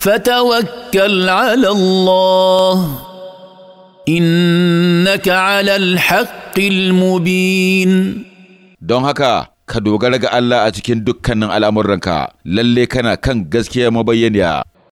فتوكل على الله إنك على الحق المبين don haka ka dogara ga Allah a cikin dukkanin al'amuranka, lalle kana kan gaskiya mabayyaniya.